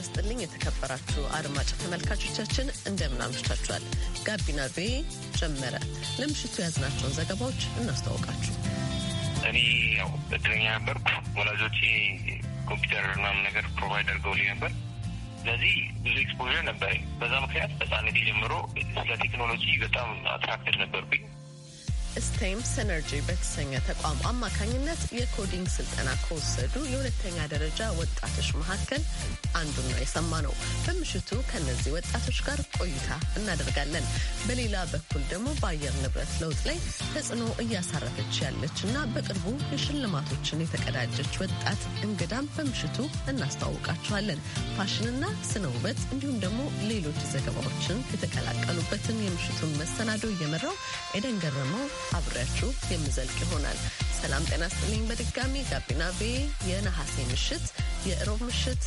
ጤና ስጥልኝ የተከበራችሁ አድማጭ ተመልካቾቻችን እንደምን አምሽታችኋል። ጋቢና ቤ ጀመረ። ለምሽቱ የያዝናቸውን ዘገባዎች እናስተዋውቃችሁ። እኔ ያው እድለኛ ነበርኩ። ወላጆቼ ኮምፒውተር ምናምን ነገር ፕሮቫይድ አድርገውልኝ ነበር። ስለዚህ ብዙ ኤክስፖዥር ነበረኝ። በዛ ምክንያት ህጻንነቴ ጀምሮ ስለ ቴክኖሎጂ በጣም አትራክትድ ነበርኩኝ። ስቴም ሰነርጂ በተሰኘ ተቋም አማካኝነት የኮዲንግ ስልጠና ከወሰዱ የሁለተኛ ደረጃ ወጣቶች መካከል ነው የሰማ ነው። በምሽቱ ከነዚህ ወጣቶች ጋር ቆይታ እናደርጋለን። በሌላ በኩል ደግሞ በአየር ንብረት ለውጥ ላይ ተጽዕኖ እያሳረፈች ያለች እና በቅርቡ የሽልማቶችን የተቀዳጀች ወጣት እንግዳም በምሽቱ እናስተዋውቃችኋለን። ፋሽንና ስነ ውበት እንዲሁም ደግሞ ሌሎች ዘገባዎችን የተቀላቀሉበትን የምሽቱን መሰናዶ እየመራው ኤደን ገረመው አብሬያችሁ የምዘልቅ ይሆናል። ሰላም ጤና ስጥልኝ። በድጋሚ ጋቢና ቤ የነሐሴ ምሽት የእሮብ ምሽት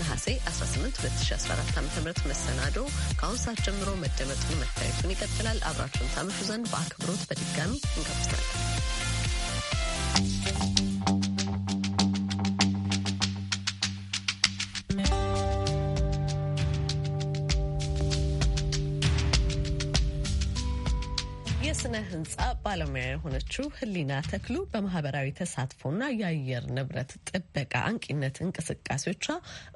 ነሐሴ 18 2014 ዓ ም መሰናዶ ከአሁን ሰዓት ጀምሮ መደመጡን መታየቱን ይቀጥላል። አብራችሁን ታመሹ ዘንድ በአክብሮት በድጋሚ እንጋብዛለን። ህንፃ ባለሙያ የሆነችው ህሊና ተክሉ በማህበራዊ ተሳትፎና የአየር ንብረት ጥበቃ አንቂነት እንቅስቃሴዎቿ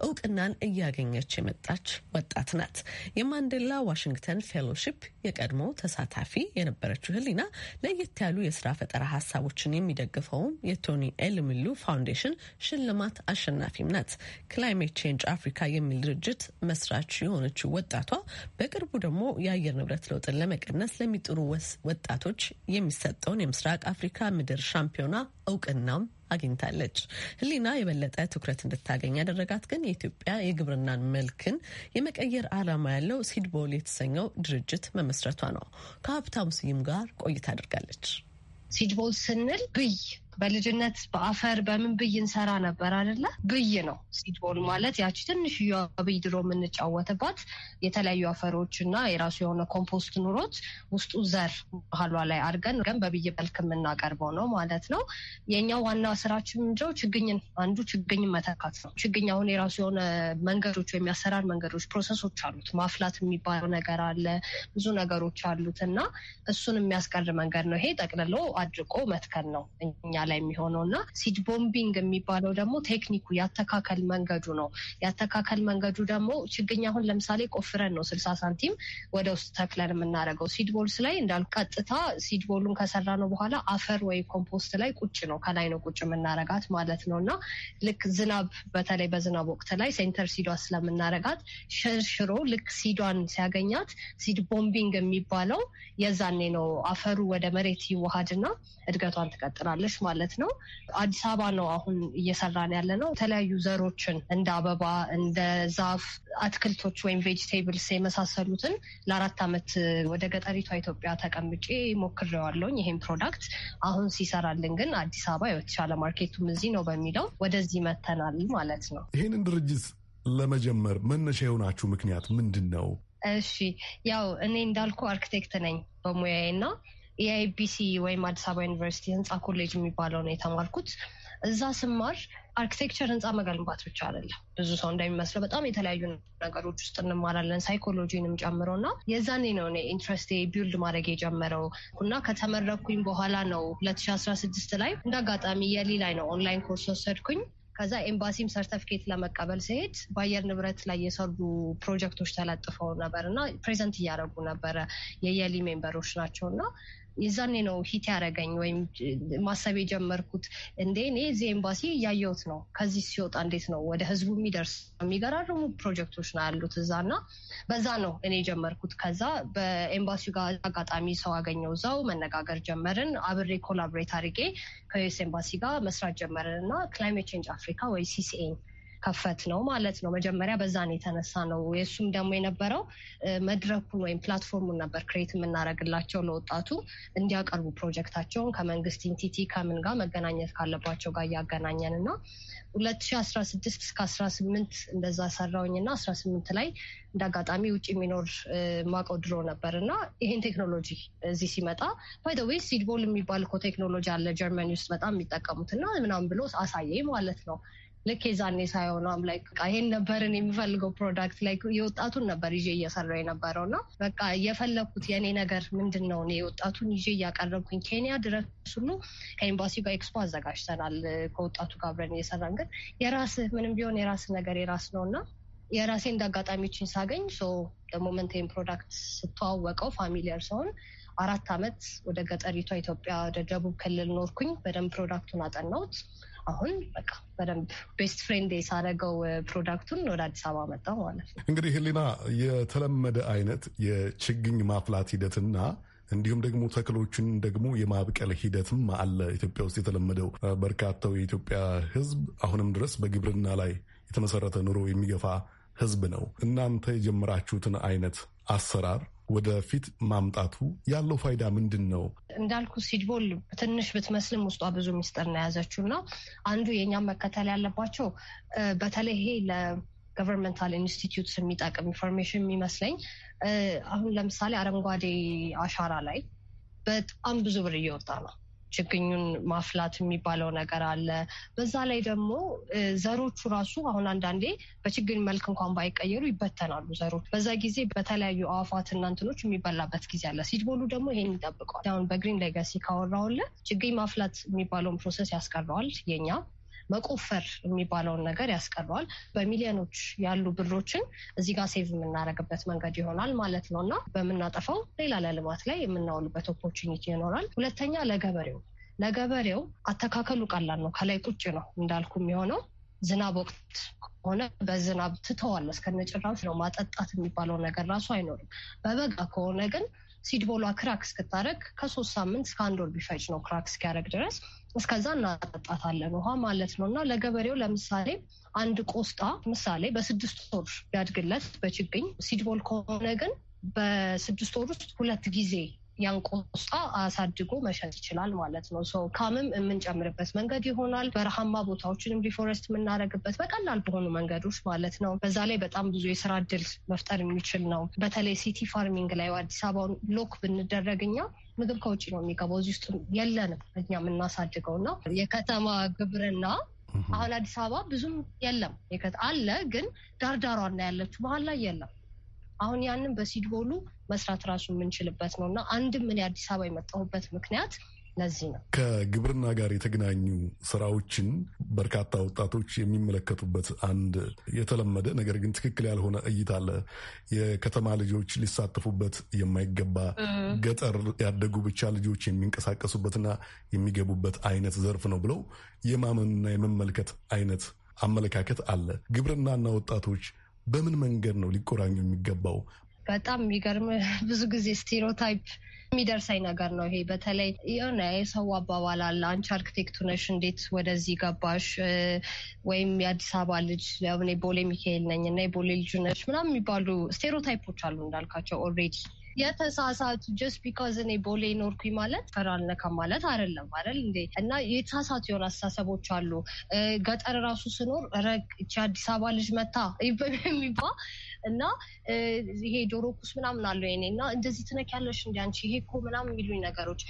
እውቅናን እያገኘች የመጣች ወጣት ናት። የማንዴላ ዋሽንግተን ፌሎሺፕ የቀድሞ ተሳታፊ የነበረችው ህሊና ለየት ያሉ የስራ ፈጠራ ሀሳቦችን የሚደግፈውም የቶኒ ኤልሚሉ ፋውንዴሽን ሽልማት አሸናፊም ናት። ክላይሜት ቼንጅ አፍሪካ የሚል ድርጅት መስራች የሆነችው ወጣቷ በቅርቡ ደግሞ የአየር ንብረት ለውጥን ለመቀነስ ለሚጥሩ ወጣቶች የሚሰጠውን የምስራቅ አፍሪካ ምድር ሻምፒዮና እውቅናም አግኝታለች። ህሊና የበለጠ ትኩረት እንድታገኝ ያደረጋት ግን የኢትዮጵያ የግብርናን መልክን የመቀየር ዓላማ ያለው ሲድቦል የተሰኘው ድርጅት መመስረቷ ነው። ከሀብታሙ ስዩም ጋር ቆይታ አድርጋለች። ሲድቦል ስንል ብይ በልጅነት በአፈር በምን ብይ እንሰራ ነበር አይደለ? ብይ ነው ሲድቦል ማለት ያቺ ትንሽ ብይ ድሮ የምንጫወትባት የተለያዩ አፈሮች እና የራሱ የሆነ ኮምፖስት ኑሮት ውስጡ ዘር ባህሏ ላይ አድርገን ግን በብይ መልክ የምናቀርበው ነው ማለት ነው። የኛው ዋና ስራችን ምንድነው? ችግኝን አንዱ ችግኝ መተካት ነው። ችግኝ አሁን የራሱ የሆነ መንገዶች ወይም ያሰራር መንገዶች ፕሮሰሶች አሉት። ማፍላት የሚባለው ነገር አለ፣ ብዙ ነገሮች አሉት እና እሱን የሚያስቀር መንገድ ነው ይሄ። ጠቅልሎ አድርቆ መትከል ነው እኛ ላይ የሚሆነው እና ሲድ ቦምቢንግ የሚባለው ደግሞ ቴክኒኩ ያተካከል መንገዱ ነው። ያተካከል መንገዱ ደግሞ ችግኝ አሁን ለምሳሌ ቆፍረን ነው ስልሳ ሳንቲም ወደ ውስጥ ተክለን የምናደርገው። ሲድ ቦልስ ላይ እንዳል ቀጥታ ሲድ ቦሉን ከሰራ ነው በኋላ አፈር ወይ ኮምፖስት ላይ ቁጭ ነው ከላይ ነው ቁጭ የምናረጋት ማለት ነው እና ልክ ዝናብ በተለይ በዝናብ ወቅት ላይ ሴንተር ሲዷ ስለምናረጋት ሽርሽሮ ልክ ሲዷን ሲያገኛት ሲድ ቦምቢንግ የሚባለው የዛኔ ነው አፈሩ ወደ መሬት ይዋሃድና እድገቷን ትቀጥላለች ማለት ማለት ነው። አዲስ አበባ ነው አሁን እየሰራን ያለ ነው። የተለያዩ ዘሮችን እንደ አበባ፣ እንደ ዛፍ፣ አትክልቶች ወይም ቬጅቴብልስ የመሳሰሉትን ለአራት ዓመት ወደ ገጠሪቷ ኢትዮጵያ ተቀምጬ ሞክሬዋለሁኝ። ይሄን ፕሮዳክት አሁን ሲሰራልን ግን አዲስ አበባ የተሻለ ማርኬቱም እዚህ ነው በሚለው ወደዚህ መተናል ማለት ነው። ይህንን ድርጅት ለመጀመር መነሻ የሆናችሁ ምክንያት ምንድን ነው? እሺ ያው እኔ እንዳልኩ አርክቴክት ነኝ በሙያዬ እና የአይቢሲ ወይም አዲስ አበባ ዩኒቨርሲቲ ህንፃ ኮሌጅ የሚባለው ነው የተማርኩት። እዛ ስማር አርኪቴክቸር ህንፃ መገንባት ብቻ አይደለም። ብዙ ሰው እንደሚመስለው በጣም የተለያዩ ነገሮች ውስጥ እንማራለን፣ ሳይኮሎጂንም ጨምሮ እና የዛኔ ነው እኔ ኢንትረስቴ ቢውልድ ማድረግ የጀመረው እና ከተመረኩኝ በኋላ ነው 2016 ላይ እንደ አጋጣሚ የሊ ላይ ነው ኦንላይን ኮርስ ወሰድኩኝ። ከዛ ኤምባሲም ሰርተፍኬት ለመቀበል ሲሄድ በአየር ንብረት ላይ የሰሩ ፕሮጀክቶች ተለጥፈው ነበር እና ፕሬዘንት እያደረጉ ነበረ። የየሊ ሜምበሮች ናቸው እና የዛኔ ነው ሂት ያደረገኝ ወይም ማሰብ የጀመርኩት እንዴ እኔ እዚህ ኤምባሲ እያየሁት ነው። ከዚህ ሲወጣ እንዴት ነው ወደ ህዝቡ የሚደርስ? የሚገራርሙ ፕሮጀክቶች ነው ያሉት እዛ እና በዛ ነው እኔ ጀመርኩት ከዛ በኤምባሲ ጋር አጋጣሚ ሰው አገኘው እዛው መነጋገር ጀመርን። አብሬ ኮላብሬት አድርጌ ከዩስ ኤምባሲ ጋር መስራት ጀመርን እና ክላይሜት ቼንጅ አፍሪካ ወይ ሲሲኤን ከፈት ነው ማለት ነው። መጀመሪያ በዛን የተነሳ ነው። የእሱም ደግሞ የነበረው መድረኩን ወይም ፕላትፎርሙን ነበር ክሬት የምናደርግላቸው ለወጣቱ እንዲያቀርቡ ፕሮጀክታቸውን ከመንግስት ኢንቲቲ ከምን ጋር መገናኘት ካለባቸው ጋር እያገናኘን እና ሁለት ሺ አስራ ስድስት እስከ አስራ ስምንት እንደዛ ሰራውኝ እና አስራ ስምንት ላይ እንደ አጋጣሚ ውጭ የሚኖር ማቀው ድሮ ነበር እና ይሄን ቴክኖሎጂ እዚህ ሲመጣ ባይደዌይ ሲድቦል የሚባል እኮ ቴክኖሎጂ አለ ጀርመኒ ውስጥ በጣም የሚጠቀሙት እና ምናምን ብሎ አሳየኝ ማለት ነው። ልክ የዛኔ ሳይሆኗም ላይ ይሄን ነበርን የሚፈልገው ፕሮዳክት ላይ የወጣቱን ነበር ይዤ እየሰራ የነበረው ነው። በቃ የፈለግኩት የእኔ ነገር ምንድን ነው? የወጣቱን ይዤ እያቀረብኩኝ ኬንያ ድረስ ሁሉ ከኤምባሲ ጋር ኤክስፖ አዘጋጅተናል። ከወጣቱ ጋር አብረን እየሰራን ግን የራስህ ምንም ቢሆን የራስህ ነገር የራስ ነው እና የራሴ እንደ አጋጣሚዎችን ሳገኝ ለሞመንቴን ፕሮዳክት ስተዋወቀው ፋሚሊየር ሲሆን አራት አመት ወደ ገጠሪቷ ኢትዮጵያ ወደ ደቡብ ክልል ኖርኩኝ። በደንብ ፕሮዳክቱን አጠናውት። አሁን በቃ በደንብ ቤስት ፍሬንድ ሳደረገው ፕሮዳክቱን ወደ አዲስ አበባ መጣው ማለት ነው። እንግዲህ ህሊና የተለመደ አይነት የችግኝ ማፍላት ሂደትና እንዲሁም ደግሞ ተክሎችን ደግሞ የማብቀል ሂደትም አለ ኢትዮጵያ ውስጥ የተለመደው። በርካታው የኢትዮጵያ ህዝብ አሁንም ድረስ በግብርና ላይ የተመሰረተ ኑሮ የሚገፋ ህዝብ ነው። እናንተ የጀመራችሁትን አይነት አሰራር ወደፊት ማምጣቱ ያለው ፋይዳ ምንድን ነው? እንዳልኩ ሲድቦል ትንሽ ብትመስልም ውስጧ ብዙ ሚስጥር ነው የያዘችው እና አንዱ የእኛም መከተል ያለባቸው በተለይ ይሄ ለገቨርንመንታል ኢንስቲትዩትስ የሚጠቅም ኢንፎርሜሽን የሚመስለኝ አሁን ለምሳሌ አረንጓዴ አሻራ ላይ በጣም ብዙ ብር እየወጣ ነው። ችግኙን ማፍላት የሚባለው ነገር አለ። በዛ ላይ ደግሞ ዘሮቹ ራሱ አሁን አንዳንዴ በችግኝ መልክ እንኳን ባይቀየሩ ይበተናሉ ዘሮች። በዛ ጊዜ በተለያዩ አዋፋትና እንትኖች የሚበላበት ጊዜ አለ። ሲድቦሉ ደግሞ ይሄን ይጠብቀዋል። አሁን በግሪን ሌጋሲ ካወራውለ ችግኝ ማፍላት የሚባለውን ፕሮሰስ ያስቀረዋል የኛ መቆፈር የሚባለውን ነገር ያስቀረዋል። በሚሊዮኖች ያሉ ብሮችን እዚህ ጋር ሴቭ የምናደርግበት መንገድ ይሆናል ማለት ነው እና በምናጠፋው ሌላ ለልማት ላይ የምናውሉበት ኦፖርቹኒቲ ይኖራል። ሁለተኛ ለገበሬው ለገበሬው አተካከሉ ቀላል ነው። ከላይ ቁጭ ነው እንዳልኩ የሚሆነው ዝናብ ወቅት ሆነ በዝናብ ትተዋል። እስከነጭራሽ ነው ማጠጣት የሚባለው ነገር ራሱ አይኖርም። በበጋ ከሆነ ግን ሲድቦሏ ክራክ እስክታደረግ ከሶስት ሳምንት እስከ አንድ ወር ቢፈጭ ነው ክራክ እስኪያደረግ ድረስ እስከዛ እናጠጣታለን ውሃ ማለት ነው። እና ለገበሬው ለምሳሌ አንድ ቆስጣ ምሳሌ በስድስት ወር ቢያድግለት በችግኝ ሲድቦል ከሆነ ግን በስድስት ወር ውስጥ ሁለት ጊዜ ያን ቆስጣ አሳድጎ መሸጥ ይችላል ማለት ነው። ሰው ካምም የምንጨምርበት መንገድ ይሆናል። በረሃማ ቦታዎችንም ሪፎረስት የምናደርግበት በቀላል በሆኑ መንገዶች ማለት ነው። በዛ ላይ በጣም ብዙ የስራ እድል መፍጠር የሚችል ነው። በተለይ ሲቲ ፋርሚንግ ላይ አዲስ አበባውን ሎክ ብንደረግ እኛ ምግብ ከውጭ ነው የሚገባው፣ እዚህ ውስጥ የለንም እኛ የምናሳድገው እና የከተማ ግብርና አሁን አዲስ አበባ ብዙም የለም አለ፣ ግን ዳርዳሯና ያለችው መሀል ላይ የለም። አሁን ያንን በሲድቦሉ መስራት ራሱ የምንችልበት ነው እና አንድም እኔ አዲስ አበባ የመጣሁበት ምክንያት ለዚህ ነው። ከግብርና ጋር የተገናኙ ስራዎችን በርካታ ወጣቶች የሚመለከቱበት አንድ የተለመደ ነገር ግን ትክክል ያልሆነ እይታ አለ። የከተማ ልጆች ሊሳተፉበት የማይገባ ገጠር ያደጉ ብቻ ልጆች የሚንቀሳቀሱበትና የሚገቡበት አይነት ዘርፍ ነው ብለው የማመንና የመመልከት አይነት አመለካከት አለ። ግብርናና ወጣቶች በምን መንገድ ነው ሊቆራኙ የሚገባው? በጣም የሚገርም ብዙ ጊዜ ስቴሪዮታይፕ የሚደርሰኝ ነገር ነው ይሄ። በተለይ የሆነ የሰው አባባል አለ፣ አንቺ አርክቴክቱ ነሽ እንዴት ወደዚህ ገባሽ? ወይም የአዲስ አበባ ልጅ ቦሌ ሚካኤል ነኝ እና የቦሌ ልጅ ነሽ ምናምን የሚባሉ ስቴሪዮታይፖች አሉ እንዳልካቸው ኦልሬዲ የተሳሳቱ ጀስት ቢካዝ እኔ ቦሌ ኖርኩኝ ማለት ፈራልነካም ማለት አይደለም አይደል እንዴ? እና የተሳሳቱ የሆነ አስተሳሰቦች አሉ። ገጠር ራሱ ስኖር ረግ እቺ አዲስ አበባ ልጅ መታ የሚባ እና ይሄ ዶሮ ኩስ ምናምን አለው ኔ እና እንደዚህ ትነክ ያለሽ እንዲ አንቺ ይሄ እኮ ምናምን የሚሉኝ ነገሮች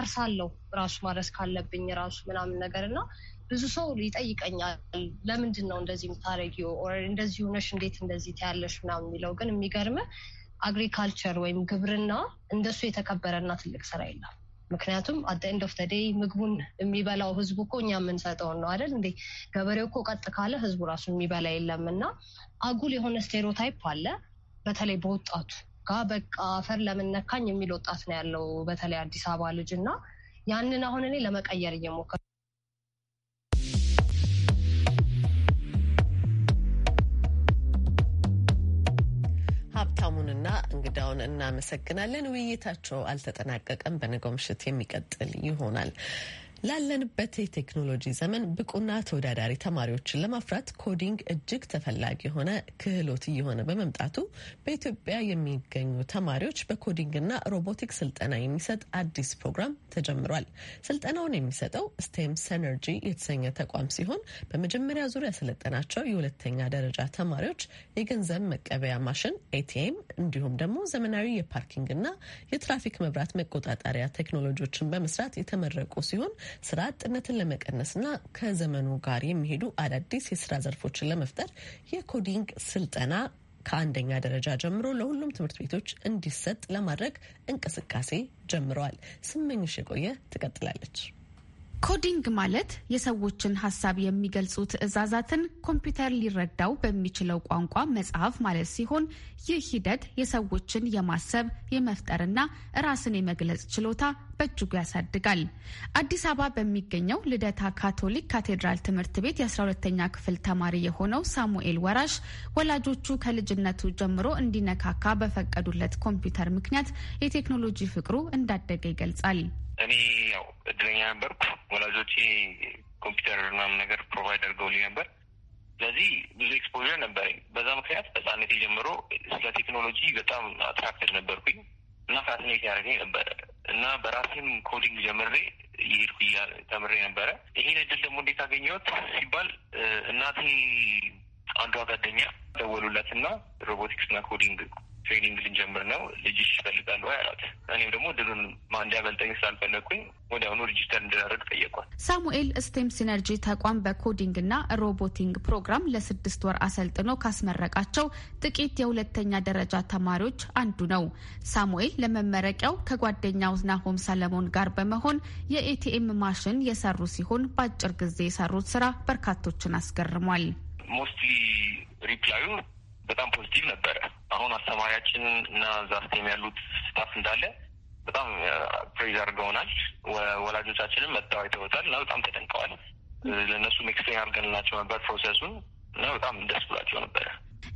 አርሳለሁ ራሱ ማረስ ካለብኝ ራሱ ምናምን ነገር እና ብዙ ሰው ይጠይቀኛል። ለምንድን ነው እንደዚህ የምታረጊው? እንደዚህ ሆነሽ እንዴት እንደዚህ ትያለሽ ምናምን የሚለው ግን የሚገርምህ አግሪካልቸር ወይም ግብርና እንደሱ የተከበረና ትልቅ ስራ የለም። ምክንያቱም አደ ኤንድ ኦፍ ተደይ ምግቡን የሚበላው ህዝቡ እኮ እኛ የምንሰጠውን ነው አይደል እንዴ? ገበሬው እኮ ቀጥ ካለ ህዝቡ ራሱ የሚበላ የለም። እና አጉል የሆነ ስቴሮታይፕ አለ፣ በተለይ በወጣቱ ጋ በቃ አፈር ለምነካኝ የሚል ወጣት ነው ያለው፣ በተለይ አዲስ አበባ ልጅ እና ያንን አሁን እኔ ለመቀየር እየሞከርኩ ሀብታሙንና እንግዳውን እናመሰግናለን። ውይይታቸው አልተጠናቀቀም። በነገው ምሽት የሚቀጥል ይሆናል። ላለንበት የቴክኖሎጂ ዘመን ብቁና ተወዳዳሪ ተማሪዎችን ለማፍራት ኮዲንግ እጅግ ተፈላጊ የሆነ ክህሎት እየሆነ በመምጣቱ በኢትዮጵያ የሚገኙ ተማሪዎች በኮዲንግና ሮቦቲክ ስልጠና የሚሰጥ አዲስ ፕሮግራም ተጀምሯል። ስልጠናውን የሚሰጠው ስቴም ሰነርጂ የተሰኘ ተቋም ሲሆን በመጀመሪያ ዙር ያሰለጠናቸው የሁለተኛ ደረጃ ተማሪዎች የገንዘብ መቀበያ ማሽን ኤቲኤም፣ እንዲሁም ደግሞ ዘመናዊ የፓርኪንግና የትራፊክ መብራት መቆጣጠሪያ ቴክኖሎጂዎችን በመስራት የተመረቁ ሲሆን ስራ አጥነትን ለመቀነስና ከዘመኑ ጋር የሚሄዱ አዳዲስ የስራ ዘርፎችን ለመፍጠር የኮዲንግ ስልጠና ከአንደኛ ደረጃ ጀምሮ ለሁሉም ትምህርት ቤቶች እንዲሰጥ ለማድረግ እንቅስቃሴ ጀምረዋል። ስመኝሽ የቆየ ትቀጥላለች። ኮዲንግ ማለት የሰዎችን ሀሳብ የሚገልጹ ትዕዛዛትን ኮምፒውተር ሊረዳው በሚችለው ቋንቋ መጽሐፍ ማለት ሲሆን ይህ ሂደት የሰዎችን የማሰብ የመፍጠርና ራስን የመግለጽ ችሎታ በእጅጉ ያሳድጋል። አዲስ አበባ በሚገኘው ልደታ ካቶሊክ ካቴድራል ትምህርት ቤት የ12ተኛ ክፍል ተማሪ የሆነው ሳሙኤል ወራሽ ወላጆቹ ከልጅነቱ ጀምሮ እንዲነካካ በፈቀዱለት ኮምፒውተር ምክንያት የቴክኖሎጂ ፍቅሩ እንዳደገ ይገልጻል። እኔ ያው እድለኛ ነበርኩ። ወላጆቼ ኮምፒውተር ምናምን ነገር ፕሮቫይድ አድርገውልኝ ነበር። ስለዚህ ብዙ ኤክስፖዥር ነበረኝ። በዛ ምክንያት በህጻንነቴ ጀምሮ ስለ ቴክኖሎጂ በጣም አትራክትድ ነበርኩኝ እና ፋሲኔት ያደረገኝ ነበረ። እና በራሴም ኮዲንግ ጀምሬ ይሄድኩ ተምሬ ነበረ። ይሄን እድል ደግሞ እንዴት አገኘሁት ሲባል እናቴ አንዷ ጓደኛ ደወሉለት እና ሮቦቲክስ እና ኮዲንግ ትሬኒንግ ልንጀምር ነው ልጅሽ ይፈልጋል ወይ አላት። እኔም ደግሞ ድሉን እንዲያመልጠኝ ስላልፈለግኩኝ ወዲያውኑ ሪጅስተር እንድናደርግ ጠየቋል። ሳሙኤል ስቴም ሲነርጂ ተቋም በኮዲንግ እና ሮቦቲንግ ፕሮግራም ለስድስት ወር አሰልጥኖ ካስመረቃቸው ጥቂት የሁለተኛ ደረጃ ተማሪዎች አንዱ ነው። ሳሙኤል ለመመረቂያው ከጓደኛው ናሆም ሰለሞን ጋር በመሆን የኤቲኤም ማሽን የሰሩ ሲሆን በአጭር ጊዜ የሰሩት ስራ በርካቶችን አስገርሟል። ሞስትሊ ሪፕላዩ በጣም ፖዚቲቭ ነበረ። አሁን አስተማሪያችን እና እዛ ስቴም ያሉት ስታፍ እንዳለ በጣም ፕሬዝ አድርገውናል። ወላጆቻችንም መጣው አይተውታል እና በጣም ተደንቀዋል። ለእነሱም ኤክስፕሌን አድርገንላቸው ነበር ፕሮሰሱን እና በጣም ደስ ብሏቸው ነበረ።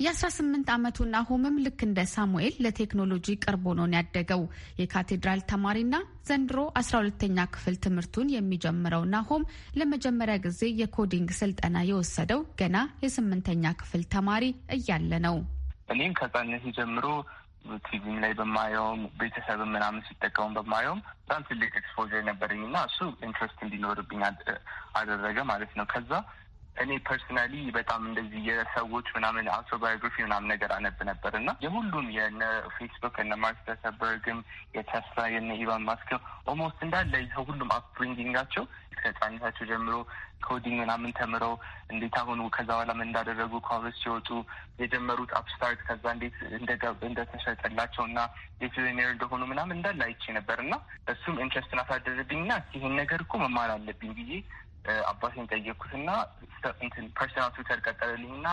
የ18 ዓመቱ ናሆምም ልክ እንደ ሳሙኤል ለቴክኖሎጂ ቅርብ ሆኖ ያደገው። የካቴድራል ተማሪና ዘንድሮ 12ተኛ ክፍል ትምህርቱን የሚጀምረው ናሆም ለመጀመሪያ ጊዜ የኮዲንግ ስልጠና የወሰደው ገና የስምንተኛ ክፍል ተማሪ እያለ ነው። እኔም ከጻነት ጀምሮ ቲቪም ላይ በማየውም ቤተሰብ ምናምን ሲጠቀሙም በማየውም በጣም ትልቅ ኤክስፖዘር ነበረኝ እና እሱ ኢንትረስት እንዲኖርብኝ አደረገ ማለት ነው ከዛ እኔ ፐርሰናሊ በጣም እንደዚህ የሰዎች ምናምን አውቶባዮግራፊ ምናምን ነገር አነብ ነበር እና የሁሉም የነ ፌስቡክ እነ ማርክ ዘከርበርግም የቴስላ የነ ኢቫን ማስክ ኦልሞስት እንዳለ ሁሉም አፕብሪንጊንጋቸው ከህጻንነታቸው ጀምሮ ኮዲንግ ምናምን ተምረው እንዴት አሁን ከዛ በኋላ ምን እንዳደረጉ ኮሌጅ ሲወጡ የጀመሩት አፕስታርት ከዛ እንዴት እንደተሸጠላቸው እና የፊዜኔር እንደሆኑ ምናምን እንዳለ አይቼ ነበር እና እሱም ኢንትረስትን አሳደረብኝ ና ይህን ነገር እኮ መማር አለብኝ ብዬ አባቴን ጠየቅኩትና እንትን ፐርሰናል ትዊተር ቱተር ቀጠረልኝና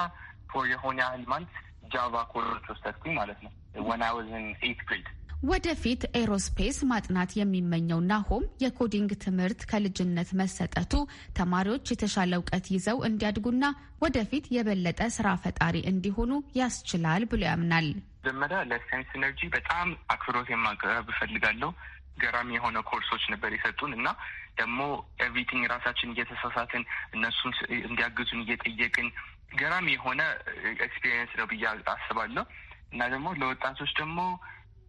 ፎር የሆነ ያህል ማንት ጃቫ ኮርስ ወሰድኩኝ ማለት ነው። ወን አይ ዋዝ ኢን ኤይት ግሬድ። ወደፊት ኤሮስፔስ ማጥናት የሚመኘው ናሆም የኮዲንግ ትምህርት ከልጅነት መሰጠቱ ተማሪዎች የተሻለ እውቀት ይዘው እንዲያድጉና ወደፊት የበለጠ ስራ ፈጣሪ እንዲሆኑ ያስችላል ብሎ ያምናል። መጀመሪያ ለሳይንስ ኢነርጂ በጣም አክብሮት የማቅረብ እፈልጋለሁ። ገራሚ የሆነ ኮርሶች ነበር የሰጡን እና ደግሞ ኤቭሪቲንግ ራሳችን እየተሳሳትን እነሱን እንዲያግዙን እየጠየቅን ገራሚ የሆነ ኤክስፒሪየንስ ነው ብዬ አስባለሁ። እና ደግሞ ለወጣቶች ደግሞ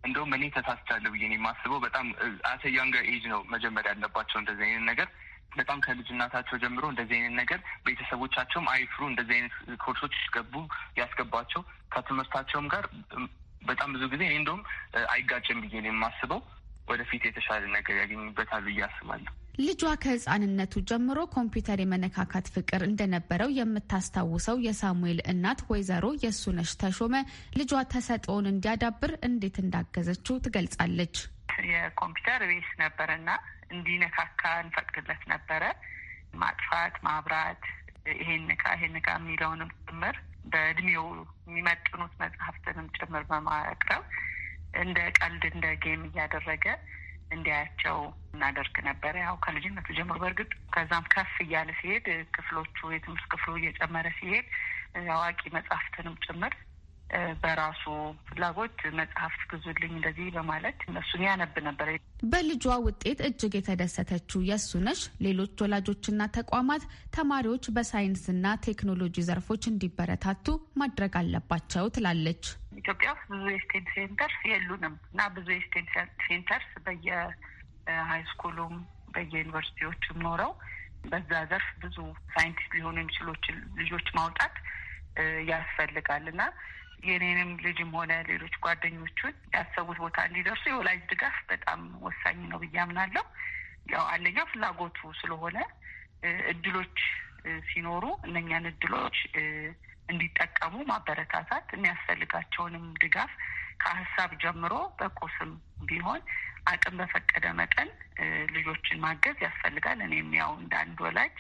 እንደውም እኔ ተሳስቻለሁ ብዬ የማስበው በጣም አተ ያንገር ኤጅ ነው መጀመሪያ ያለባቸው እንደዚህ አይነት ነገር በጣም ከልጅናታቸው ጀምሮ እንደዚህ አይነት ነገር ቤተሰቦቻቸውም አይፍሩ፣ እንደዚህ አይነት ኮርሶች ገቡ ያስገባቸው ከትምህርታቸውም ጋር በጣም ብዙ ጊዜ እኔ እንደውም አይጋጭም ብዬ ነው የማስበው። ወደፊት የተሻለ ነገር ያገኙበታል ብዬ አስባለሁ። ልጇ ከህፃንነቱ ጀምሮ ኮምፒውተር የመነካካት ፍቅር እንደነበረው የምታስታውሰው የሳሙኤል እናት ወይዘሮ የሱነሽ ተሾመ ልጇ ተሰጥኦውን እንዲያዳብር እንዴት እንዳገዘችው ትገልጻለች። የኮምፒውተር ቤት ነበረና እንዲነካካ እንፈቅድለት ነበረ። ማጥፋት፣ ማብራት፣ ይሄን ንካ ይሄን ንካ የሚለውንም ጭምር በእድሜው የሚመጥኑት መጽሐፍትንም ጭምር በማቅረብ እንደ ቀልድ እንደ ጌም እያደረገ እንዲያያቸው እናደርግ ነበረ። ያው ከልጅነቱ ጀምሮ በእርግጥ ከዛም ከፍ እያለ ሲሄድ ክፍሎቹ የትምህርት ክፍሉ እየጨመረ ሲሄድ አዋቂ መጽሐፍትንም ጭምር በራሱ ፍላጎት መጽሐፍት ግዙልኝ እንደዚህ በማለት እነሱን ያነብ ነበር። በልጇ ውጤት እጅግ የተደሰተችው የሱነሽ ሌሎች ወላጆችና ተቋማት ተማሪዎች በሳይንስና ቴክኖሎጂ ዘርፎች እንዲበረታቱ ማድረግ አለባቸው ትላለች። ኢትዮጵያ ውስጥ ብዙ የስቴም ሴንተርስ የሉንም እና ብዙ የስቴም ሴንተርስ በየሀይ ስኩሉም በየዩኒቨርሲቲዎችም ኖረው በዛ ዘርፍ ብዙ ሳይንቲስት ሊሆኑ የሚችሎች ልጆች ማውጣት ያስፈልጋል እና የኔንም ልጅም ሆነ ሌሎች ጓደኞቹን ያሰቡት ቦታ እንዲደርሱ የወላጅ ድጋፍ በጣም ወሳኝ ነው ብዬ አምናለሁ። ያው አንደኛው ፍላጎቱ ስለሆነ እድሎች ሲኖሩ እነኛን እድሎች እንዲጠቀሙ ማበረታታት፣ የሚያስፈልጋቸውንም ድጋፍ ከሀሳብ ጀምሮ በቁስም ቢሆን አቅም በፈቀደ መጠን ልጆችን ማገዝ ያስፈልጋል። እኔም ያው እንደ አንድ ወላጅ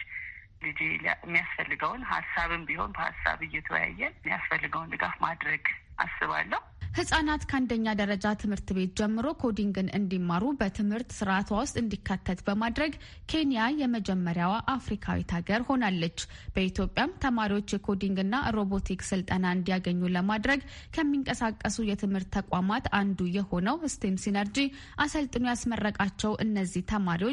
ልጄ የሚያስፈልገውን ሀሳብም ቢሆን በሀሳብ እየተወያየን የሚያስፈልገውን ድጋፍ ማድረግ አስባለሁ። ህጻናት ከአንደኛ ደረጃ ትምህርት ቤት ጀምሮ ኮዲንግን እንዲማሩ በትምህርት ስርዓቷ ውስጥ እንዲካተት በማድረግ ኬንያ የመጀመሪያዋ አፍሪካዊት ሀገር ሆናለች። በኢትዮጵያም ተማሪዎች የኮዲንግና ሮቦቲክ ስልጠና እንዲያገኙ ለማድረግ ከሚንቀሳቀሱ የትምህርት ተቋማት አንዱ የሆነው ስቴም ሲነርጂ አሰልጥኖ ያስመረቃቸው እነዚህ ተማሪዎች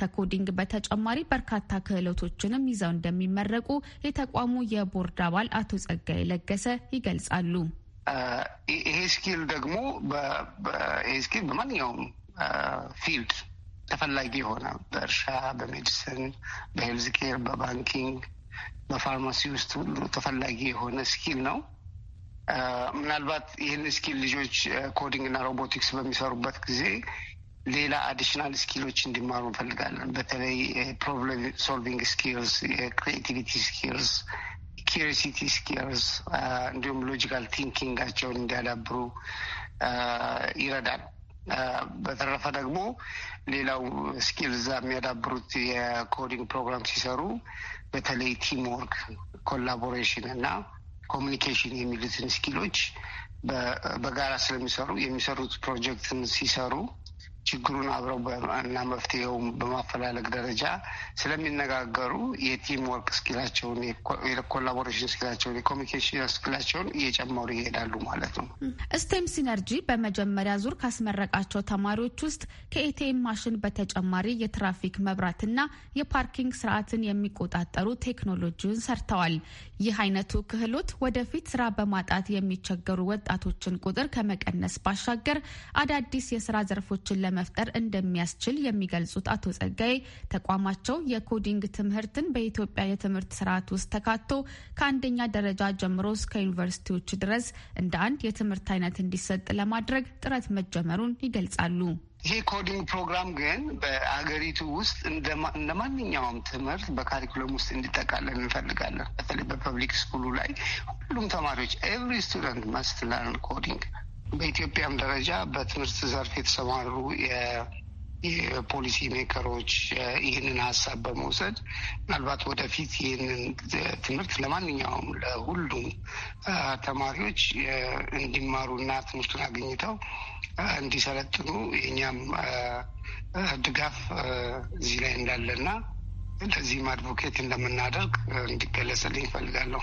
ከኮዲንግ በተጨማሪ በርካታ ክህሎቶችንም ይዘው እንደሚመረቁ የተቋሙ የቦርድ አባል አቶ ጸጋይ ለገሰ ይገልጻሉ። ይሄ ስኪል ደግሞ ይሄ ስኪል በማንኛውም ፊልድ ተፈላጊ የሆነ በእርሻ፣ በሜዲሲን፣ በሄልዝ ኬር፣ በባንኪንግ፣ በፋርማሲ ውስጥ ሁሉ ተፈላጊ የሆነ ስኪል ነው። ምናልባት ይህን ስኪል ልጆች ኮዲንግ እና ሮቦቲክስ በሚሰሩበት ጊዜ ሌላ አዲሽናል ስኪሎች እንዲማሩ እንፈልጋለን። በተለይ ፕሮብለም ሶልቪንግ ስኪልስ፣ የክሪኤቲቪቲ ስኪልስ ኪሪሲቲ ስኪልስ uh, እንዲሁም ሎጂካል ቲንኪንጋቸውን እንዲያዳብሩ uh, ይረዳል። uh, በተረፈ ደግሞ ሌላው ስኪል እዛ የሚያዳብሩት የኮዲንግ ፕሮግራም ሲሰሩ በተለይ ቲምወርክ ኮላቦሬሽን እና ኮሚኒኬሽን የሚሉትን ስኪሎች በጋራ ስለሚሰሩ የሚሰሩት ፕሮጀክትን ሲሰሩ ችግሩን አብረው እና መፍትሄውን በማፈላለግ ደረጃ ስለሚነጋገሩ የቲም ወርክ ስኪላቸውን፣ የኮላቦሬሽን ስኪላቸውን፣ የኮሚኒኬሽን ስኪላቸውን እየጨመሩ ይሄዳሉ ማለት ነው። ስቴም ሲነርጂ በመጀመሪያ ዙር ካስመረቃቸው ተማሪዎች ውስጥ ከኤቲኤም ማሽን በተጨማሪ የትራፊክ መብራትና የፓርኪንግ ስርዓትን የሚቆጣጠሩ ቴክኖሎጂውን ሰርተዋል። ይህ አይነቱ ክህሎት ወደፊት ስራ በማጣት የሚቸገሩ ወጣቶችን ቁጥር ከመቀነስ ባሻገር አዳዲስ የስራ ዘርፎችን ለመፍጠር እንደሚያስችል የሚገልጹት አቶ ጸጋዬ ተቋማቸው የኮዲንግ ትምህርትን በኢትዮጵያ የትምህርት ስርዓት ውስጥ ተካቶ ከአንደኛ ደረጃ ጀምሮ እስከ ዩኒቨርሲቲዎች ድረስ እንደ አንድ የትምህርት አይነት እንዲሰጥ ለማድረግ ጥረት መጀመሩን ይገልጻሉ። ይሄ ኮዲንግ ፕሮግራም ግን በአገሪቱ ውስጥ እንደ ማንኛውም ትምህርት በካሪኩለም ውስጥ እንዲጠቃለን እንፈልጋለን። በተለይ በፐብሊክ ስኩሉ ላይ ሁሉም ተማሪዎች ኤቭሪ ስቱደንት መስት ለርን ኮዲንግ በኢትዮጵያም ደረጃ በትምህርት ዘርፍ የተሰማሩ የፖሊሲ ሜከሮች ይህንን ሀሳብ በመውሰድ ምናልባት ወደፊት ይህንን ትምህርት ለማንኛውም ለሁሉም ተማሪዎች እንዲማሩና ትምህርቱን አግኝተው እንዲሰለጥኑ የእኛም ድጋፍ እዚህ ላይ እንዳለና ለዚህም አድቮኬት እንደምናደርግ እንዲገለጽልኝ ይፈልጋለሁ።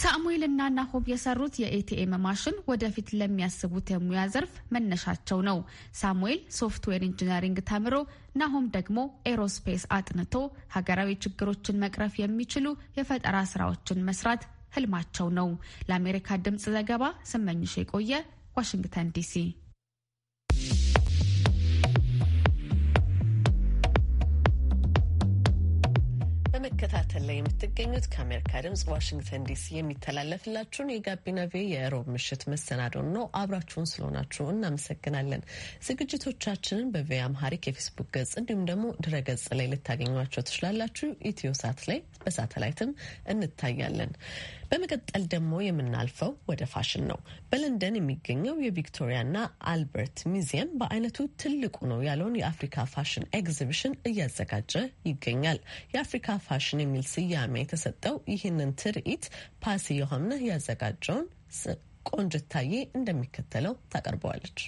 ሳሙኤልና ናሆም የሰሩት የኤቲኤም ማሽን ወደፊት ለሚያስቡት የሙያ ዘርፍ መነሻቸው ነው። ሳሙኤል ሶፍትዌር ኢንጂነሪንግ ተምሮ፣ ናሆም ደግሞ ኤሮስፔስ አጥንቶ ሀገራዊ ችግሮችን መቅረፍ የሚችሉ የፈጠራ ስራዎችን መስራት ህልማቸው ነው። ለአሜሪካ ድምፅ ዘገባ ስመኝሽ የቆየ ዋሽንግተን ዲሲ በመከታተል ላይ የምትገኙት ከአሜሪካ ድምጽ ዋሽንግተን ዲሲ የሚተላለፍላችሁን የጋቢና ቪ የሮብ ምሽት መሰናዶን ነው። አብራችሁን ስለሆናችሁ እናመሰግናለን። ዝግጅቶቻችንን በቪ አምሃሪክ የፌስቡክ ገጽ እንዲሁም ደግሞ ድረ ገጽ ላይ ልታገኟቸው ትችላላችሁ። ኢትዮ ሳት ላይ በሳተላይትም እንታያለን። በመቀጠል ደግሞ የምናልፈው ወደ ፋሽን ነው። በለንደን የሚገኘው የቪክቶሪያና አልበርት ሚዚየም በአይነቱ ትልቁ ነው ያለውን የአፍሪካ ፋሽን ኤግዚቢሽን እያዘጋጀ ይገኛል። የአፍሪካ ፋሽን የሚል ስያሜ የተሰጠው ይህንን ትርኢት ፓሲ ዮሐንህ ያዘጋጀውን ቆንጅታዬ እንደሚከተለው ታቀርበዋለች።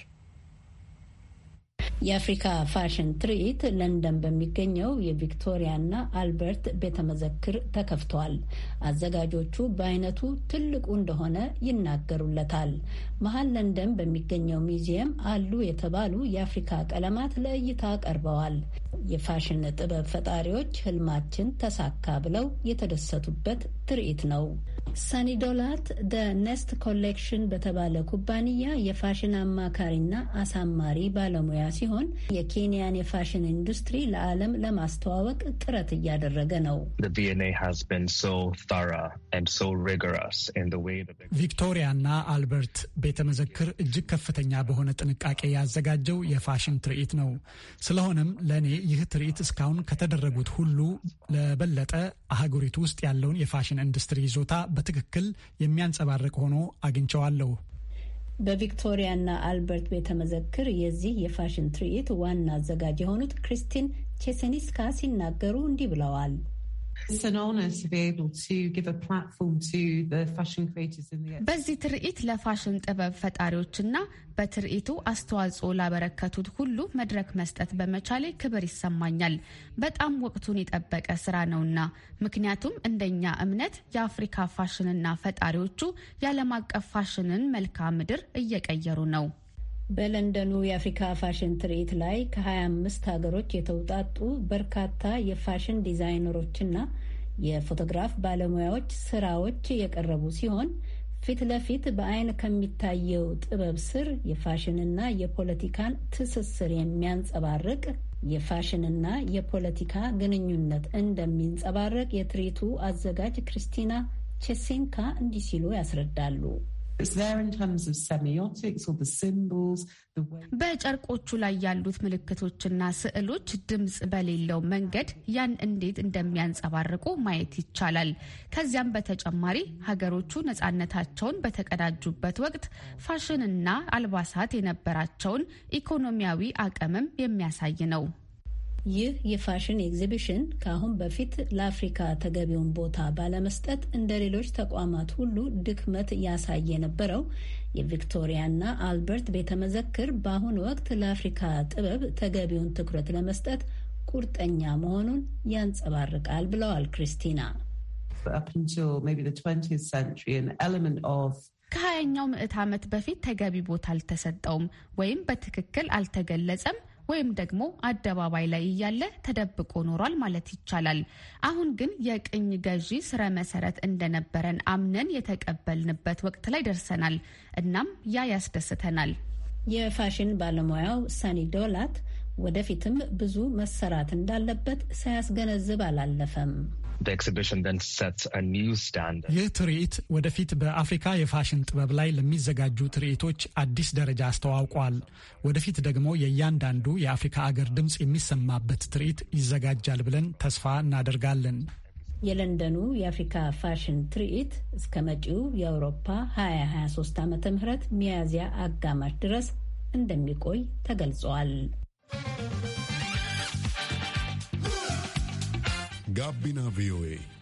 የአፍሪካ ፋሽን ትርኢት ለንደን በሚገኘው የቪክቶሪያና አልበርት ቤተመዘክር ተከፍቷል። አዘጋጆቹ በአይነቱ ትልቁ እንደሆነ ይናገሩለታል። መሀል ለንደን በሚገኘው ሚዚየም አሉ የተባሉ የአፍሪካ ቀለማት ለእይታ ቀርበዋል። የፋሽን ጥበብ ፈጣሪዎች ህልማችን ተሳካ ብለው የተደሰቱበት ትርኢት ነው። ሰኒ ዶላት ደ ኔስት ኮሌክሽን በተባለ ኩባንያ የፋሽን አማካሪና አሳማሪ ባለሙያ ሲሆን የኬንያን የፋሽን ኢንዱስትሪ ለዓለም ለማስተዋወቅ ጥረት እያደረገ ነው። ቪክቶሪያና አልበርት ቤተ መዘክር እጅግ ከፍተኛ በሆነ ጥንቃቄ ያዘጋጀው የፋሽን ትርኢት ነው። ስለሆነም ለእኔ ይህ ትርኢት እስካሁን ከተደረጉት ሁሉ ለበለጠ አህጉሪቱ ውስጥ ያለውን የፋሽን ኢንዱስትሪ ይዞታ በትክክል የሚያንጸባርቅ ሆኖ አግኝቸዋለሁ። በቪክቶሪያና አልበርት ቤተ መዘክር የዚህ የፋሽን ትርኢት ዋና አዘጋጅ የሆኑት ክሪስቲን ቼሴኒስካ ሲናገሩ እንዲህ ብለዋል። በዚህ ትርኢት ለፋሽን ጥበብ ፈጣሪዎችና በትርኢቱ አስተዋጽኦ ላበረከቱት ሁሉ መድረክ መስጠት በመቻሌ ክብር ይሰማኛል። በጣም ወቅቱን የጠበቀ ስራ ነውና፣ ምክንያቱም እንደኛ እምነት የአፍሪካ ፋሽንና ፈጣሪዎቹ የዓለም አቀፍ ፋሽንን መልክዓ ምድር እየቀየሩ ነው። በለንደኑ የአፍሪካ ፋሽን ትርኢት ላይ ከ25 ሀገሮች የተውጣጡ በርካታ የፋሽን ዲዛይነሮችና የፎቶግራፍ ባለሙያዎች ስራዎች የቀረቡ ሲሆን ፊት ለፊት በአይን ከሚታየው ጥበብ ስር የፋሽንና የፖለቲካን ትስስር የሚያንጸባርቅ የፋሽንና የፖለቲካ ግንኙነት እንደሚንጸባረቅ የትርኢቱ አዘጋጅ ክርስቲና ቼሴንካ እንዲህ ሲሉ ያስረዳሉ። በጨርቆቹ ላይ ያሉት ምልክቶችና ስዕሎች ድምፅ በሌለው መንገድ ያን እንዴት እንደሚያንጸባርቁ ማየት ይቻላል። ከዚያም በተጨማሪ ሀገሮቹ ነፃነታቸውን በተቀዳጁበት ወቅት ፋሽንና አልባሳት የነበራቸውን ኢኮኖሚያዊ አቅምም የሚያሳይ ነው። ይህ የፋሽን ኤግዚቢሽን ከአሁን በፊት ለአፍሪካ ተገቢውን ቦታ ባለመስጠት እንደ ሌሎች ተቋማት ሁሉ ድክመት ያሳየ የነበረው የቪክቶሪያና አልበርት ቤተ መዘክር በአሁኑ ወቅት ለአፍሪካ ጥበብ ተገቢውን ትኩረት ለመስጠት ቁርጠኛ መሆኑን ያንጸባርቃል ብለዋል ክሪስቲና። ከሀያኛው ምዕት ዓመት በፊት ተገቢ ቦታ አልተሰጠውም ወይም በትክክል አልተገለጸም። ወይም ደግሞ አደባባይ ላይ እያለ ተደብቆ ኖሯል ማለት ይቻላል። አሁን ግን የቅኝ ገዢ ስረ መሰረት እንደነበረን አምነን የተቀበልንበት ወቅት ላይ ደርሰናል። እናም ያ ያስደስተናል። የፋሽን ባለሙያው ሰኒ ዶላት ወደፊትም ብዙ መሰራት እንዳለበት ሳያስገነዝብ አላለፈም። ይህ ትርኢት ወደፊት በአፍሪካ የፋሽን ጥበብ ላይ ለሚዘጋጁ ትርኢቶች አዲስ ደረጃ አስተዋውቋል። ወደፊት ደግሞ የእያንዳንዱ የአፍሪካ አገር ድምፅ የሚሰማበት ትርኢት ይዘጋጃል ብለን ተስፋ እናደርጋለን። የለንደኑ የአፍሪካ ፋሽን ትርኢት እስከ መጪው የአውሮፓ 2023 ዓ ም ሚያዝያ አጋማሽ ድረስ እንደሚቆይ ተገልጿል። Gabina VOA.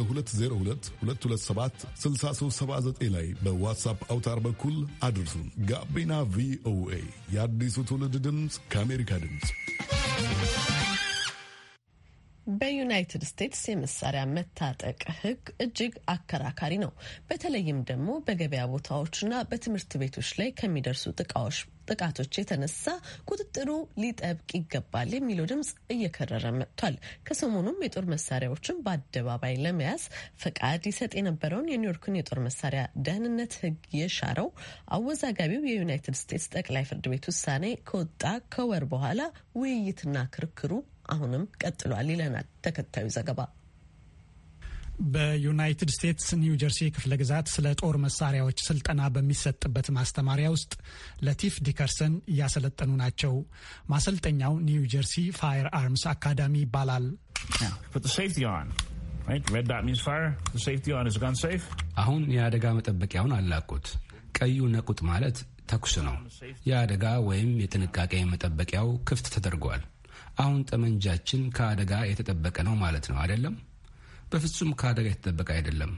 2022276379 ላይ በዋትሳፕ አውታር በኩል አድርሱን። ጋቢና ቪኦኤ የአዲሱ ትውልድ ድምፅ ከአሜሪካ ድምፅ በዩናይትድ ስቴትስ የመሳሪያ መታጠቅ ሕግ እጅግ አከራካሪ ነው። በተለይም ደግሞ በገበያ ቦታዎችና በትምህርት ቤቶች ላይ ከሚደርሱ ጥቃዎች ጥቃቶች የተነሳ ቁጥጥሩ ሊጠብቅ ይገባል የሚለው ድምጽ እየከረረ መጥቷል። ከሰሞኑም የጦር መሳሪያዎችን በአደባባይ ለመያዝ ፈቃድ ይሰጥ የነበረውን የኒውዮርክን የጦር መሳሪያ ደህንነት ሕግ የሻረው አወዛጋቢው የዩናይትድ ስቴትስ ጠቅላይ ፍርድ ቤት ውሳኔ ከወጣ ከወር በኋላ ውይይትና ክርክሩ አሁንም ቀጥሏል ይለናል ተከታዩ ዘገባ። በዩናይትድ ስቴትስ ኒው ጀርሲ ክፍለ ግዛት ስለ ጦር መሳሪያዎች ስልጠና በሚሰጥበት ማስተማሪያ ውስጥ ለቲፍ ዲከርሰን እያሰለጠኑ ናቸው። ማሰልጠኛው ኒው ጀርሲ ፋየር አርምስ አካዳሚ ይባላል። አሁን የአደጋ መጠበቂያውን አላቁት። ቀዩ ነቁጥ ማለት ተኩስ ነው። የአደጋ ወይም የጥንቃቄ መጠበቂያው ክፍት ተደርጓል። አሁን ጠመንጃችን ከአደጋ የተጠበቀ ነው ማለት ነው አይደለም? በፍጹም ከአደጋ የተጠበቀ አይደለም።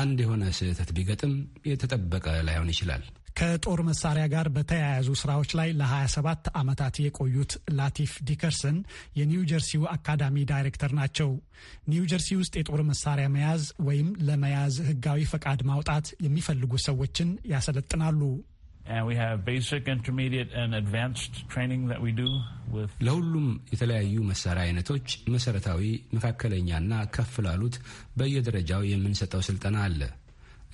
አንድ የሆነ ስህተት ቢገጥም የተጠበቀ ላይሆን ይችላል። ከጦር መሳሪያ ጋር በተያያዙ ስራዎች ላይ ለ27 ዓመታት የቆዩት ላቲፍ ዲከርሰን የኒው ጀርሲው አካዳሚ ዳይሬክተር ናቸው። ኒው ጀርሲ ውስጥ የጦር መሳሪያ መያዝ ወይም ለመያዝ ህጋዊ ፈቃድ ማውጣት የሚፈልጉ ሰዎችን ያሰለጥናሉ። and we have basic, intermediate and advanced training that we do with ለሁሉም የተለያዩ መሳሪያ አይነቶች መሰረታዊ፣ መካከለኛና ከፍ ላሉት በየደረጃው የምንሰጠው ስልጠና አለ።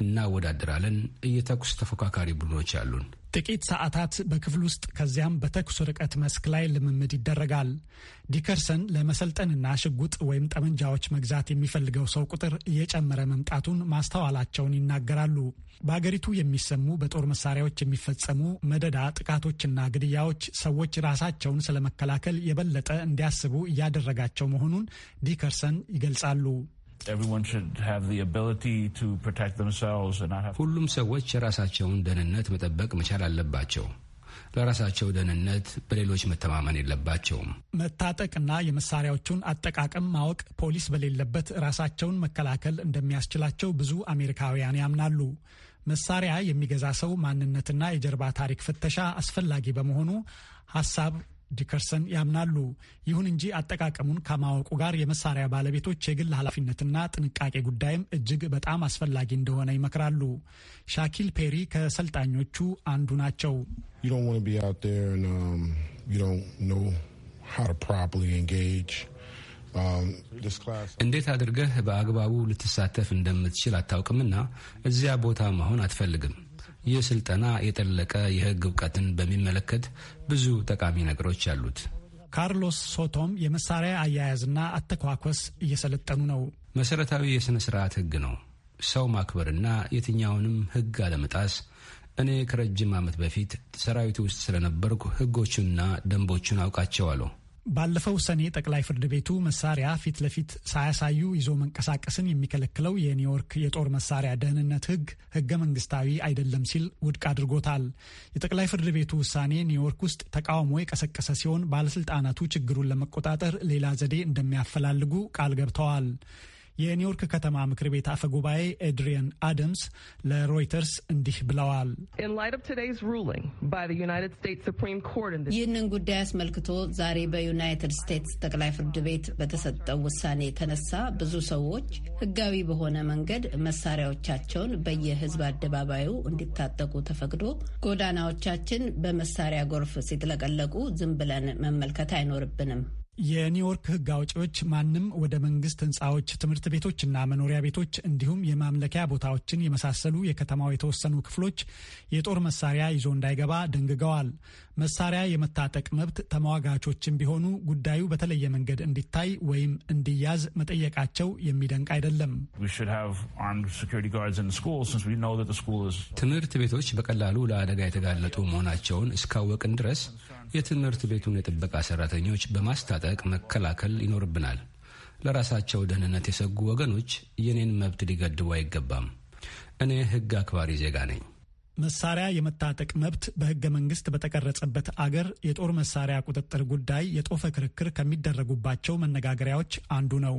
እናወዳድራለን። የተኩስ ተፎካካሪ ቡድኖች አሉን። ጥቂት ሰዓታት በክፍል ውስጥ ከዚያም በተኩስ ርቀት መስክ ላይ ልምምድ ይደረጋል። ዲከርሰን ለመሰልጠንና ሽጉጥ ወይም ጠመንጃዎች መግዛት የሚፈልገው ሰው ቁጥር እየጨመረ መምጣቱን ማስተዋላቸውን ይናገራሉ። በአገሪቱ የሚሰሙ በጦር መሳሪያዎች የሚፈጸሙ መደዳ ጥቃቶችና ግድያዎች ሰዎች ራሳቸውን ስለመከላከል የበለጠ እንዲያስቡ እያደረጋቸው መሆኑን ዲከርሰን ይገልጻሉ። ሁሉም ሰዎች የራሳቸውን ደህንነት መጠበቅ መቻል አለባቸው። ለራሳቸው ደህንነት በሌሎች መተማመን የለባቸውም። መታጠቅና የመሳሪያዎቹን አጠቃቀም ማወቅ ፖሊስ በሌለበት ራሳቸውን መከላከል እንደሚያስችላቸው ብዙ አሜሪካውያን ያምናሉ። መሳሪያ የሚገዛ ሰው ማንነትና የጀርባ ታሪክ ፍተሻ አስፈላጊ በመሆኑ ሀሳብ ዲከርሰን ያምናሉ። ይሁን እንጂ አጠቃቀሙን ከማወቁ ጋር የመሳሪያ ባለቤቶች የግል ኃላፊነትና ጥንቃቄ ጉዳይም እጅግ በጣም አስፈላጊ እንደሆነ ይመክራሉ። ሻኪል ፔሪ ከሰልጣኞቹ አንዱ ናቸው። um, um, እንዴት አድርገህ በአግባቡ ልትሳተፍ እንደምትችል አታውቅምና እዚያ ቦታ መሆን አትፈልግም። ይህ ስልጠና የጠለቀ የህግ እውቀትን በሚመለከት ብዙ ጠቃሚ ነገሮች አሉት። ካርሎስ ሶቶም የመሳሪያ አያያዝና አተኳኮስ እየሰለጠኑ ነው። መሰረታዊ የሥነ ሥርዓት ሕግ ነው። ሰው ማክበርና የትኛውንም ሕግ አለመጣስ። እኔ ከረጅም ዓመት በፊት ሰራዊት ውስጥ ስለነበርኩ ሕጎቹና ደንቦቹን አውቃቸዋለሁ። ባለፈው ሰኔ ጠቅላይ ፍርድ ቤቱ መሳሪያ ፊት ለፊት ሳያሳዩ ይዞ መንቀሳቀስን የሚከለክለው የኒውዮርክ የጦር መሳሪያ ደህንነት ህግ ሕገ መንግስታዊ አይደለም ሲል ውድቅ አድርጎታል። የጠቅላይ ፍርድ ቤቱ ውሳኔ ኒውዮርክ ውስጥ ተቃውሞ የቀሰቀሰ ሲሆን ባለስልጣናቱ ችግሩን ለመቆጣጠር ሌላ ዘዴ እንደሚያፈላልጉ ቃል ገብተዋል። የኒውዮርክ ከተማ ምክር ቤት አፈ ጉባኤ ኤድሪየን አደምስ ለሮይተርስ እንዲህ ብለዋል። ይህንን ጉዳይ አስመልክቶ ዛሬ በዩናይትድ ስቴትስ ጠቅላይ ፍርድ ቤት በተሰጠው ውሳኔ የተነሳ ብዙ ሰዎች ህጋዊ በሆነ መንገድ መሳሪያዎቻቸውን በየህዝብ አደባባዩ እንዲታጠቁ ተፈቅዶ ጎዳናዎቻችን በመሳሪያ ጎርፍ ሲጥለቀለቁ ዝም ብለን መመልከት አይኖርብንም። የኒውዮርክ ሕግ አውጪዎች ማንም ወደ መንግስት ህንፃዎች፣ ትምህርት ቤቶችና መኖሪያ ቤቶች እንዲሁም የማምለኪያ ቦታዎችን የመሳሰሉ የከተማው የተወሰኑ ክፍሎች የጦር መሳሪያ ይዞ እንዳይገባ ደንግገዋል። መሳሪያ የመታጠቅ መብት ተሟጋቾችም ቢሆኑ ጉዳዩ በተለየ መንገድ እንዲታይ ወይም እንዲያዝ መጠየቃቸው የሚደንቅ አይደለም። ትምህርት ቤቶች በቀላሉ ለአደጋ የተጋለጡ መሆናቸውን እስካወቅን ድረስ የትምህርት ቤቱን የጥበቃ ሰራተኞች በማስታጠቅ መከላከል ይኖርብናል። ለራሳቸው ደህንነት የሰጉ ወገኖች የኔን መብት ሊገድቡ አይገባም። እኔ ሕግ አክባሪ ዜጋ ነኝ። መሳሪያ የመታጠቅ መብት በህገ መንግስት በተቀረጸበት አገር የጦር መሳሪያ ቁጥጥር ጉዳይ የጦፈ ክርክር ከሚደረጉባቸው መነጋገሪያዎች አንዱ ነው።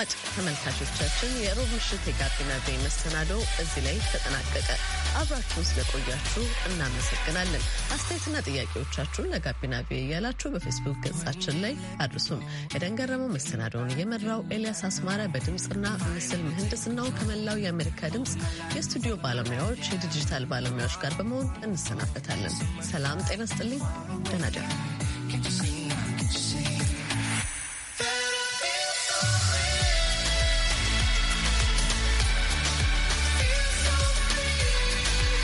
አድማጭ ተመልካቾቻችን የሮብ ምሽት የጋቢና ቤ መሰናዶ እዚህ ላይ ተጠናቀቀ። አብራችሁ ስለቆያችሁ እናመሰግናለን። አስተያየትና ጥያቄዎቻችሁን ለጋቢና ቤ እያላችሁ በፌስቡክ ገጻችን ላይ አድርሱም። የደንገረመው መሰናዶውን የመራው ኤልያስ አስማረ በድምፅና ምስል ምህንድስናው ከመላው የአሜሪካ ድምፅ የስቱዲዮ ባለሙያዎች፣ የዲጂታል ባለሙያዎች ጋር በመሆን እንሰናበታለን። ሰላም ጤና ስጥልኝ ደናደር